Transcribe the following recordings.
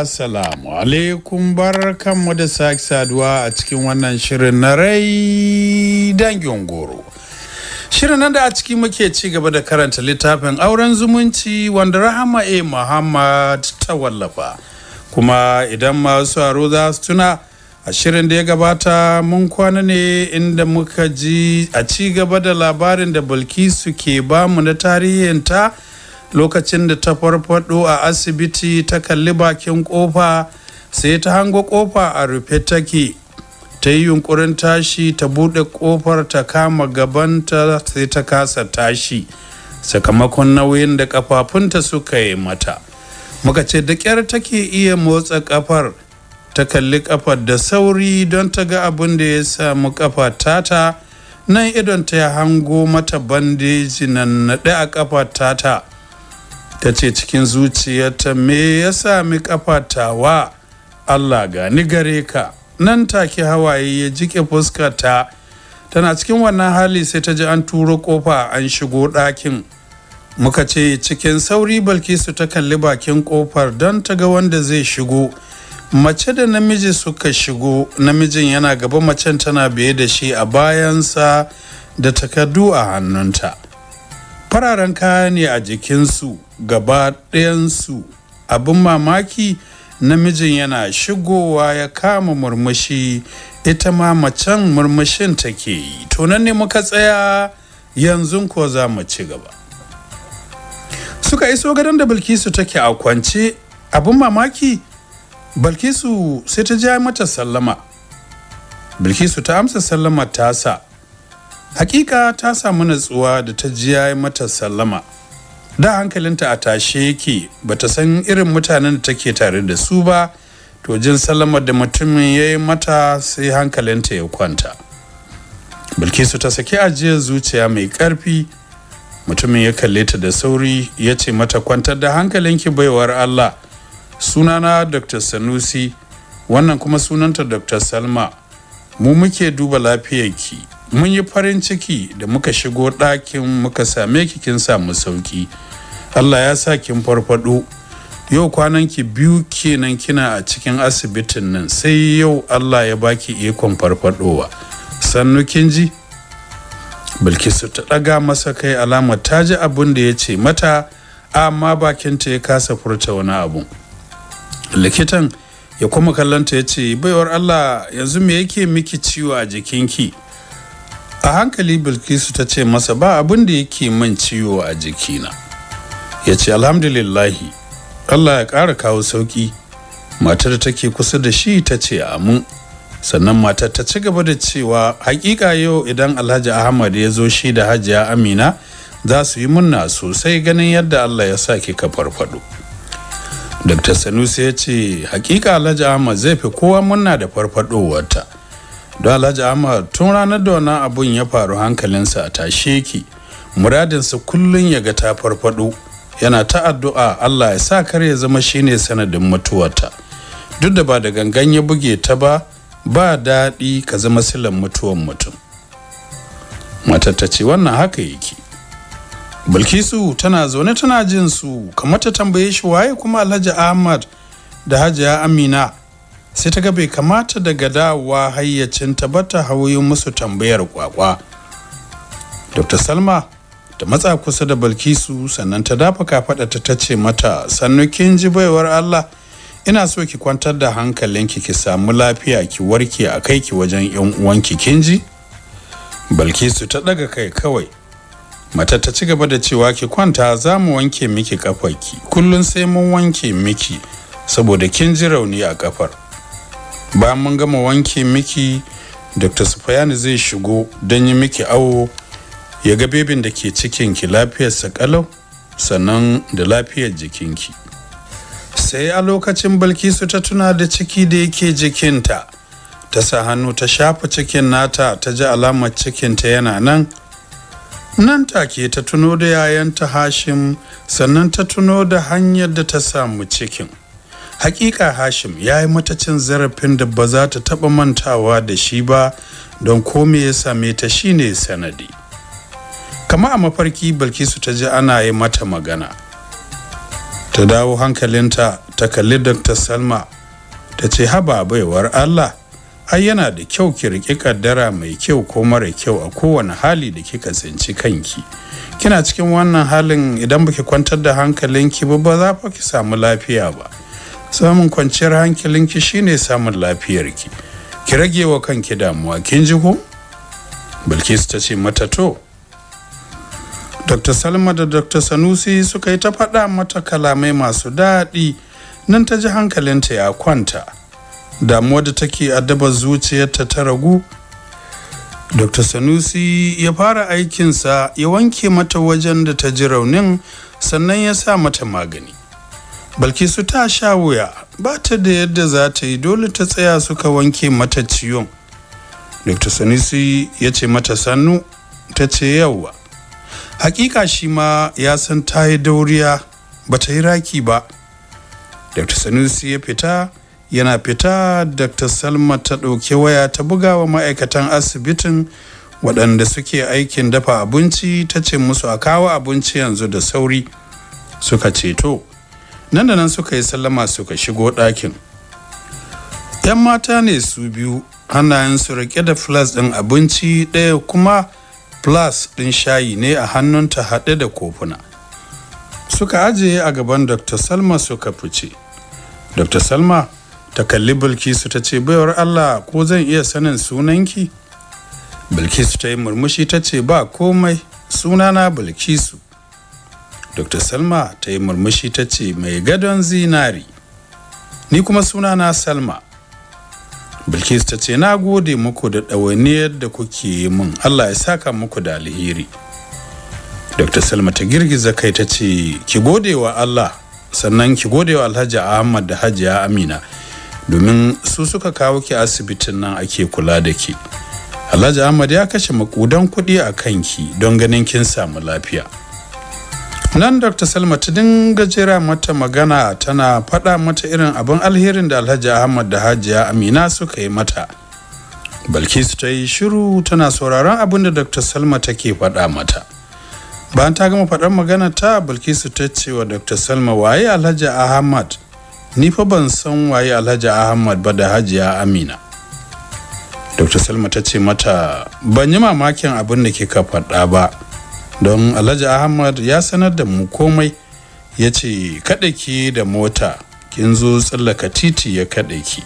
Assalamu alaikum barkanmu da sake saduwa a cikin wannan shirin na rai dangin goro. Shirin nan da a ciki muke ci gaba da karanta littafin auren zumunci wanda Rahama A. Muhammad ta wallafa. Kuma idan masu aro za su tuna a shirin da ya gabata mun kwana ne inda muka ji a ci gaba da labarin da Bilkisu ke bamu na tarihinta. lokacin da ta farfado a asibiti ta kalli bakin kofa sai ta hango kofa a rufe take ta yi yunkurin tashi ta buɗe kofar ta kama gabanta sai ta kasa tashi sakamakon nauyin da kafafunta suka yi mata muka ce da ƙyar take iya motsa kafar ta kalli kafar da sauri don ta ga abin da ya samu kafa tata nan idon ta ya hango mata bandeji nan naɗe a kafar tata ta ce cikin zuciyarta me ya sami kafatawa allah gani gare ka nan take hawaye ya jike fuskata tana cikin wannan hali sai ta ji an turo kofa an shigo ɗakin muka ce cikin sauri balkisu ta kalli bakin kofar don ta ga wanda zai shigo mace da namiji suka shigo namijin yana gaba macen tana biye da shi a bayansa da takardu a hannunta fararen kaya ne a jikinsu gaba ɗayansu abin mamaki namijin yana shigowa ya kama murmushi ita ma macen murmushin take yi to nan ne muka tsaya yanzu ko za mu ci gaba suka iso gadon da bilkisu take a kwance abin mamaki bilkisu sai ta ja mata sallama bilkisu ta amsa sallama tasa hakika ta samu natsuwa da ta jiya mata sallama da hankalinta a tashe yake bata san irin mutanen da take tare da su ba to jin salama da mutumin ya yi mata sai hankalinta ya kwanta bilkisu ta saki ajiyar zuciya mai karfi mutumin ya kalle ta da sauri ya ce mata kwantar da hankalinki baiwar allah sunana dr sanusi wannan kuma sunanta dr salma mu muke duba lafiyarki mun yi farin ciki da muka shigo ɗakin muka same ki kin samu sauki allah ya sa kin farfado yau ki biyu kenan kina a cikin asibitin nan sai yau allah ya baki ikon farfadowa sannu kin ji bilkisu ta daga masa kai alama ta ji abin da ya ce mata amma bakinta ya kasa furta wani abu likitan ya kuma kallanta ya ce baiwar allah yanzu me yake miki ciwo a jikin ki? a hankali bilkisu ta ce masa ba abin da yake min ciwo a jikina ya ce alhamdulillahi allah ya ƙara kawo sauƙi matar da take kusa da shi ta ce amin sannan matar ta ci gaba da cewa hakika yau idan alhaji ahmad ya zo shi da hajiya amina za su yi munna sosai ganin yadda allah ya sa ki ka farfado dr sanusi ya ce hakika alhaji ahmad zai fi kowa munna da farfadowarta don alhaji ahmad tun ranar da wani abun ya faru hankalinsa a tashe ki muradinsa kullum ya ga ta farfado yana ta addu'a Allah ya sa kar ya zama shine sanadin mutuwarta duk da ba da gangan ya buge ta ba ba daɗi ka zama silan mutuwar mutum matar ta ce wannan haka yake bilkisu tana zaune tana jin su kamar ta tambaye shi waye kuma alhaji ahmad da hajiya amina sai ta ga bai kamata daga dawowa hayyacin ta bata hauyin musu tambayar kwakwa dr salma Da matsa kusa da balkisu sannan ta dafa kafaɗarta ta ce mata sannu kin ji baiwar allah ina so ki kwantar da hankalinki ki samu lafiya ki warke a kai ki wajen yan uwanki kin ji balkisu ta daga kai kawai mata ta ci gaba da cewa ki kwanta za mu wanke miki kafarki kullum sai mun wanke miki saboda kin ji rauni a kafar bayan mun gama wanke miki dr sufayani zai shigo don yi miki awo ya ga bebin da ke cikin cikinki lafiyarsa kalau sannan da lafiyar jikin ki. sai a lokacin bilkisu ta tuna da ciki da yake jikinta ta sa hannu ta shafa cikin nata ta ji alamar cikinta yana nan nan take ta tuno da yayanta hashim sannan ta tuno da hanyar da ta samu cikin hakika hashim ya yi mata cin zarafin da ba za ta taba mantawa da shi ba don ko me ya same ta shine sanadi kama a mafarki bilkisu ta ji ana yi mata magana ta dawo hankalinta ta kalli dr salma ta ce haba baiwar allah ai yana da kyau ki riƙi kaddara mai kyau ko mara kyau a kowane hali da kika tsinci kanki kina cikin wannan halin idan baki kwantar da hankalinki ba ba za ki samu lafiya ba samun kwanciyar hankalinki shine samun lafiyarki ki rage wa kanki damuwa kin ji ko bilkisu ta ce mata to dr salma da dr sanusi suka yi ta faɗa mata kalamai masu daɗi nan ta ji hankalinta ya kwanta damuwa da take addabar zuciyarta ta ragu dr sanusi ya fara aikinsa ya wanke mata wajen da ta ji raunin sannan ya sa mata magani balkisu ta sha wuya ba ta da yadda za ta yi dole ta tsaya suka wanke mata ciwon dr sanusi ya ce mata sannu ta ce yauwa hakika shi ma ya san ta yi dauriya ba ta yi raki ba dr sanusi ya fita yana fita dr salma ta ɗauke waya ta bugawa ma'aikatan asibitin waɗanda suke aikin dafa abinci ta ce musu a kawo abinci yanzu da sauri suka ceto nan da nan suka yi sallama suka shigo ɗakin 'yan mata ne su biyu su rike da flas ɗin abinci ɗaya kuma flas ɗin shayi ne a hannunta haɗe da kofuna suka ajiye a gaban dr salma suka fice dr salma ta kalli bilkisu ta ce baiwar allah ko zan iya sanin sunanki bilkisu ta yi murmushi ta ce ba komai sunana bilkisu dr salma ta yi murmushi ta ce mai gadon zinari ni kuma sunana salma bilkis ta ce na gode muku da ɗawainiyar da kuke yi min allah ya saka muku da alheri dr salma ta girgiza kai ta ce ki gode wa allah sannan ki gode wa alhaji ahmad da hajiya amina domin su suka kawo ki asibitin nan ake kula da ki alhaji ahmad ya kashe makudan kuɗi a kanki don ganin kin samu lafiya nan dr salma ta dinga jira mata magana tana faɗa mata irin abin alherin da alhaji ahmad da hajiya amina suka yi mata balkisu ta yi shiru tana sauraron abin da dr salma take faɗa mata bayan ta gama faɗar magana ta bilkisu ta ce wa dr salma waye alhaji ahmad ni fa ban san waye alhaji ahmad ba da hajiya amina dr salma ta ce mata ban yi mamakin abin da kika faɗa ba don alhaji ahmad ya sanar da mu komai ya ce ki da mota kin zo tsallaka titi ya ki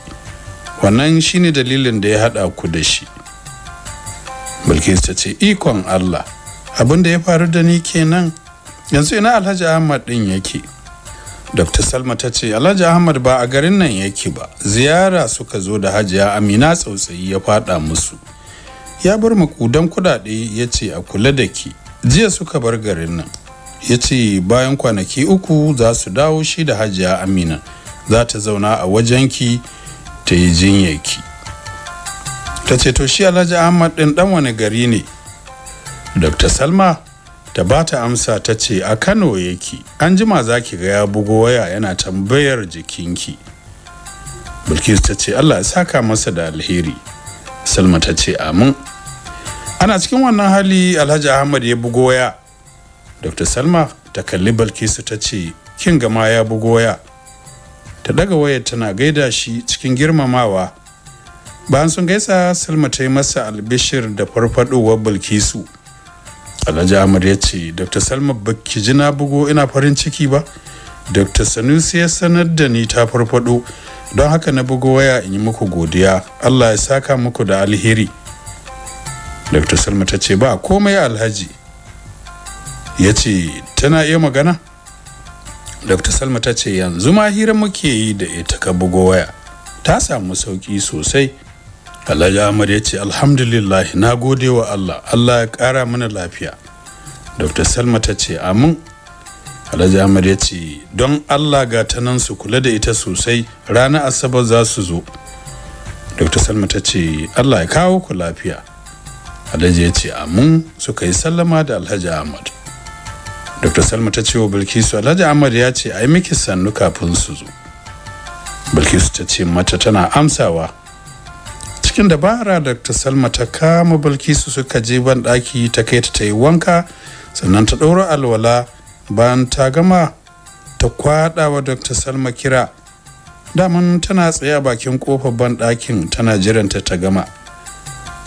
wannan shine dalilin da ya haɗa ku da shi bilkis ta ce ikon allah abin da ya faru da ni kenan yanzu ina alhaji ahmad ɗin yake dr salma ta ce alhaji ahmad ba a garin nan yake ba ziyara suka zo da hajiya amina tsautsayi ya faɗa musu ya bar makudan kuɗaɗe ya ce a kula da ki jiya suka bar garin nan ya ce bayan kwanaki uku za su dawo shi da hajiya amina za ta zauna a wajenki ta yi jinyaki ta ce to shi alhaji ahmad ɗin ɗan wani gari ne dr salma ta ba ta amsa ta ce a kano yake an jima za ki ga ya bugo waya yana tambayar jikinki bilkis ta ce allah ya saka masa da alheri salma ta ce amin ana cikin wannan hali alhaji ahmad ya bugo waya dr salma ta kalli balkisu ta ce kin gama ya bugo waya ta daga wayar tana gaida shi cikin girmamawa bayan sun gaisa salma ta yi masa albishir da farfadowar bilkisu alhaji ahmad ya ce dr salma ba ki ji na bugo ina farin ciki ba dr sanusi ya sanar da ni ta farfado don haka na bugo waya in yi muku godiya allah ya saka muku da alheri dr salma ta ce ba komai alhaji ya ce tana iya magana dr salma ta ce yanzu ma hira muke yi da ita ka bugo waya ta samu sauki sosai alhaji ahmad ya ce alhamdulillah na gode wa allah allah ya kara mana lafiya dr salma ta ce amin alhaji ahmad ya ce don allah ga ta nan su kula da ita sosai ranar asabar za su zo dr salma ta ce allah ya kawo ku lafiya alhaji ya ce amin suka yi sallama da alhaji ahmad dr salma ta ce wa bilkisu alhaji ahmad ya ce ai miki sannu kafin su zo bilkisu ta ce mata tana amsawa cikin dabara dr salma ta kama bilkisu suka je ban ɗaki ta kai ta ta yi wanka sannan ta ɗaura alwala bayan ta gama ta kwaɗa wa dr salma kira daman tana tsaye a bakin kofar ban ɗakin tana jiranta ta gama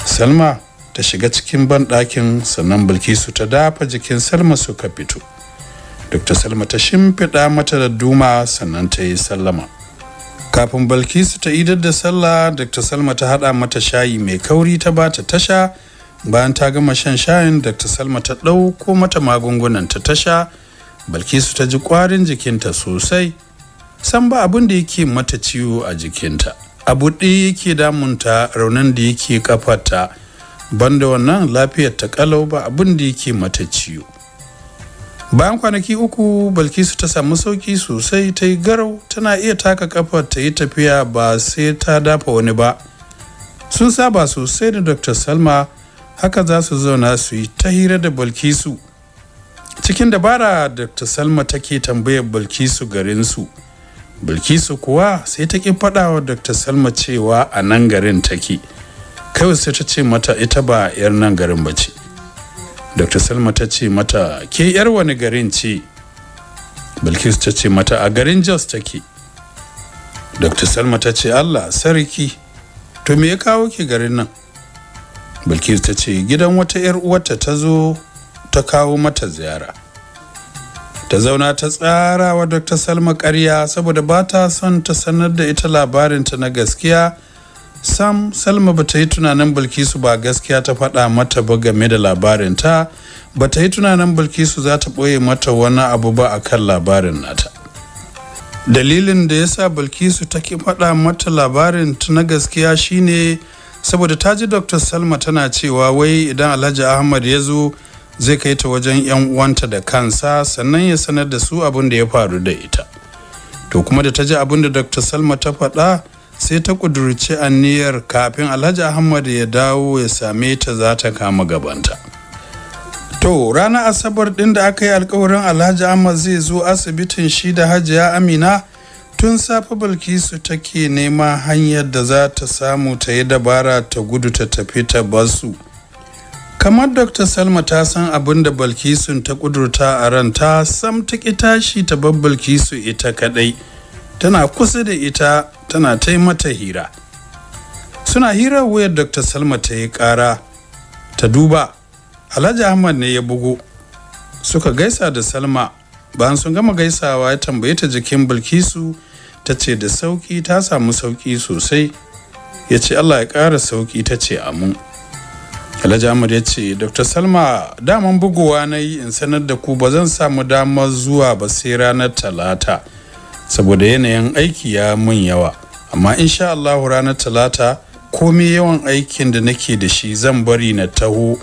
salma ta shiga cikin banɗakin sannan bilkisu ta dafa jikin salma suka fito dr salma ta shimfiɗa mata da duma sannan ta yi sallama kafin bilkisu ta idar da sallah dr salma ta haɗa mata shayi mai kauri ta ba ta tasha bayan ta gama shan shayin dr salma ta ɗauko mata magungunan ta tasha bilkisu ta ji ƙwarin jikinta sosai san ba abin da yake mata ciwo a jikinta abu ɗaya yake damunta raunin da yake kafarta banda wannan lafiyar ta kalau ba abin da yake mata ciwo bayan kwanaki uku balkisu ta samu sauki sosai ta yi garau tana iya taka ƙafa ta yi tafiya ba sai ta dafa wani ba sun saba sosai da dr salma haka za su zauna su yi ta hira da balkisu cikin dabara dr salma take tambayar balkisu garinsu bilkisu kuwa sai ta ki faɗa wa dr salma cewa a nan garin take kawai sai ta ce mata ita ba 'yar nan garin ba ce dr salma ta ce mata ke 'yar wani garin ce bilkis ta ce mata a garin jos take dr salma ta ce allah sarki to me ya kawo ke garin nan bilkis ta ce gidan wata 'yar uwarta ta zo ta kawo mata ziyara ta zauna ta tsara wa dr salma karya saboda ba ta son ta sanar da ita labarinta na gaskiya sam salma ba ta yi tunanin bilkisu ba gaskiya ta faɗa mata ba game da labarinta ba ta yi tunanin bilkisu za ta ɓoye mata wani abu ba a kan labarin nata dalilin da ya sa bilkisu ta ki faɗa mata labarin ta na gaskiya shine saboda ta ji dr salma tana cewa wai idan alhaji ahmad ya zo zai kai ta wajen 'yan uwanta da kansa sannan ya sanar da su abin ya faru da ita to kuma da ta ji abin da dr salma ta faɗa sai ta ƙudurci aniyar kafin alhaji ahmad ya dawo ya same ta za ta kama gabanta to ranar asabar ɗin da aka yi alkawarin alhaji ahmad zai zo asibitin shi da hajiya amina tun safe bilkisu take nema hanyar da za ta samu ta yi dabara ta gudu ta tafi ta basu kamar dr salma ta san abin da bilkisun ta kudurta a ranta sam ta ki tashi ta bar bilkisu ita kadai tana kusa da ita tana ta mata hira suna hira wayar dr salma ta yi kara ta duba alhaji ahmad ne ya bugu suka gaisa da salma bayan sun gama gaisawa ya tambaye ta jikin bilkisu ta ce da sauki ta samu sauki sosai ya ce allah ya kara sauki ta ce mun. alhaji ahmad ya ce dr salma daman buguwa na yi in sanar da ku ba zan samu damar zuwa ba sai ranar talata saboda yanayin aiki ya mun yawa amma insha Allah ranar talata komai yawan aikin da nake da shi zan bari na taho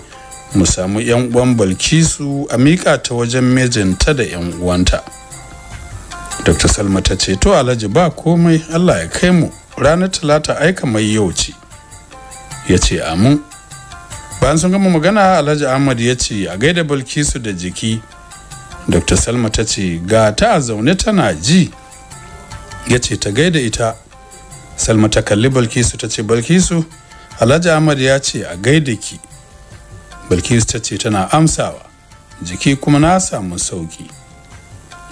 mu samu yan uwan balkisu a mika ta wajen mijinta da yan uwanta dr salma ta ce to alhaji ba komai allah ya kai mu ranar talata aika mai yau ce ya ce amin bayan sun gama magana alhaji ahmad ya ce a gaida balkisu da jiki dr salma ta ce ga ta a zaune tana ji ya ce ta gaida ita salma ta kalli balkisu ta ce balkisu alhaji ahmad ya ce a gaida ki balkisu ta ce tana amsawa jiki kuma na samu sauki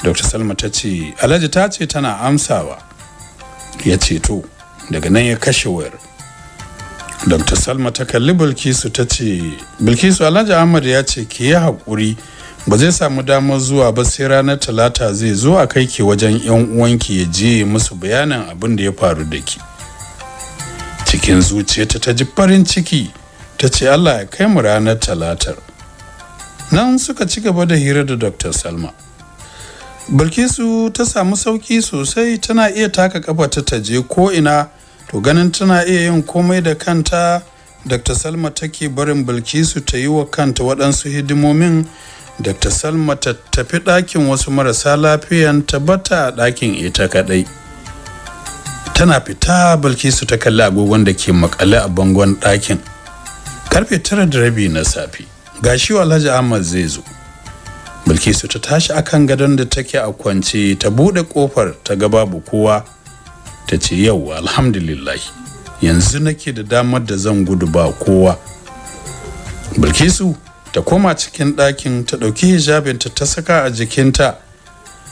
dr salma ta ce alhaji ta ce tana amsawa ya ce to daga nan ya kashe wayar dr salma ta kalli bilkisu ta ce bilkisu alhaji ahmad ya ce ki yi haƙuri ba zai samu damar zuwa ba sai ranar talata zai zo a kai ki wajen yan uwanki ya je musu bayanin abin da ya faru da ki cikin zuciyarta ta ji farin ciki ta ce allah ya kai mu ranar talatar nan suka ci gaba da hira da dr salma bilkisu ta samu sauki sosai tana iya taka kafa ta taje ko ina to ganin tana iya yin komai da kanta dr salma take barin bilkisu ta yi wa kanta waɗansu hidimomin dr salma ta tafi ɗakin wasu marasa lafiyan ta bata a ɗakin ita kaɗai tana fita bilkisu ta kalli agogon da ke makale a bangon ɗakin karfe tara da rabi na safe ga shi alhaji ahmad zai zo bilkisu ta tashi akan gadon da take a kwance ta buɗe ƙofar ta ga babu kowa ta ce yau alhamdulillah yanzu nake da damar da zan gudu ba kowa bilkisu ta koma cikin ɗakin ta ɗauki hijabinta ta saka a jikinta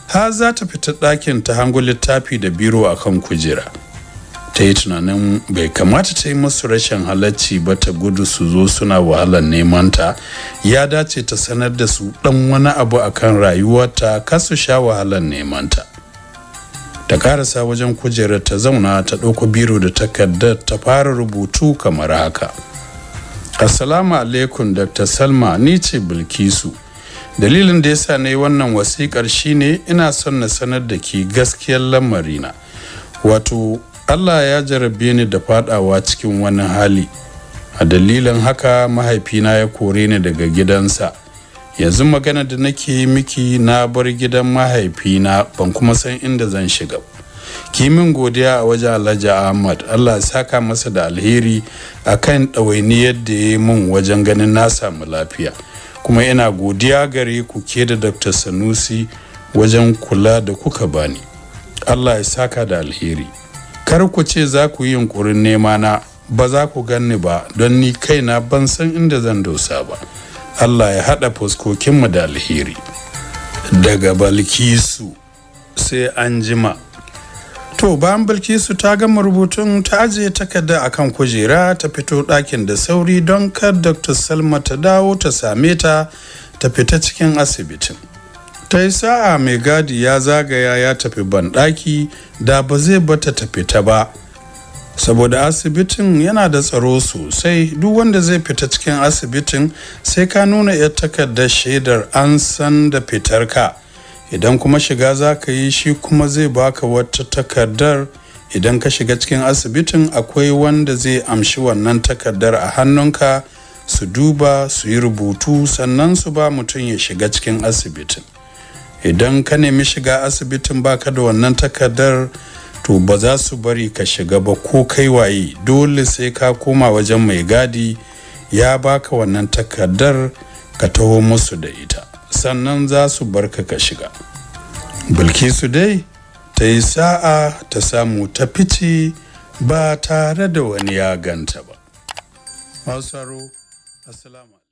ha za ta fita ɗakin ta hango littafi da biro a kan kujera ta yi tunanin bai kamata ta yi musu rashin halacci ba ta gudu su zo suna wahalar neman ta ya dace ta sanar da su ɗan wani abu a kan rayuwarta su sha wahalar neman ta ta karasa wajen kujerar ta zauna ta ɗauko biro da takardar ta fara rubutu kamar haka assalamu alaikum dr salma ni ce bilkisu dalilin da yasa na yi wannan wasikar shine ina son na sanar da ke gaskiyar lamarina wato allah ya jarabe ni da fadawa cikin wani hali a dalilin haka mahaifina ya kore ni daga gidansa yanzu magana da nake miki na bar gidan mahaifina ban kuma san inda zan shiga ba Ki min godiya a wajen alhaji ahmad allah saka masa da alheri a kan ɗawainiyar da ya yi min wajen ganin na samu lafiya kuma ina godiya gare ku ke da dr sanusi wajen kula da kuka bani allah ya saka da alheri kar ku ce za ku yi yunkurin nema na ba za ku ganni ba don ni kai na ban san inda zan dosa ba allah ya haɗa fuskokinmu da alheri daga balkisu sai an jima to bayan bilkisu ta gama rubutun ta ajiye takarda a kan kujera ta fito ɗakin da sauri don kar dr salma ta dawo ta same ta ta fita cikin asibitin ta yi sa'a mai gadi ya zagaya ya tafi ban banɗaki da ba zai bata ta fita ba saboda asibitin yana da tsaro sosai duk wanda zai fita cikin asibitin sai ka nuna 'yar takarda shaidar an san da fitar ka. idan kuma shiga za ka yi shi kuma zai baka wata takardar idan ka shiga cikin asibitin akwai wanda zai amshi wannan takardar a hannunka su duba su yi rubutu sannan su ba mutum ya shiga cikin asibitin idan ka nemi shiga asibitin baka da wannan takardar to ba za su bari ka shiga ba ko kai waye dole sai ka koma wajen mai gadi ya baka wannan takardar ka taho musu da ita sannan za su barka ka shiga bilkisu dai ta yi sa'a ta samu ta fice ba tare da wani ya ganta ba. Masaro, Assalamu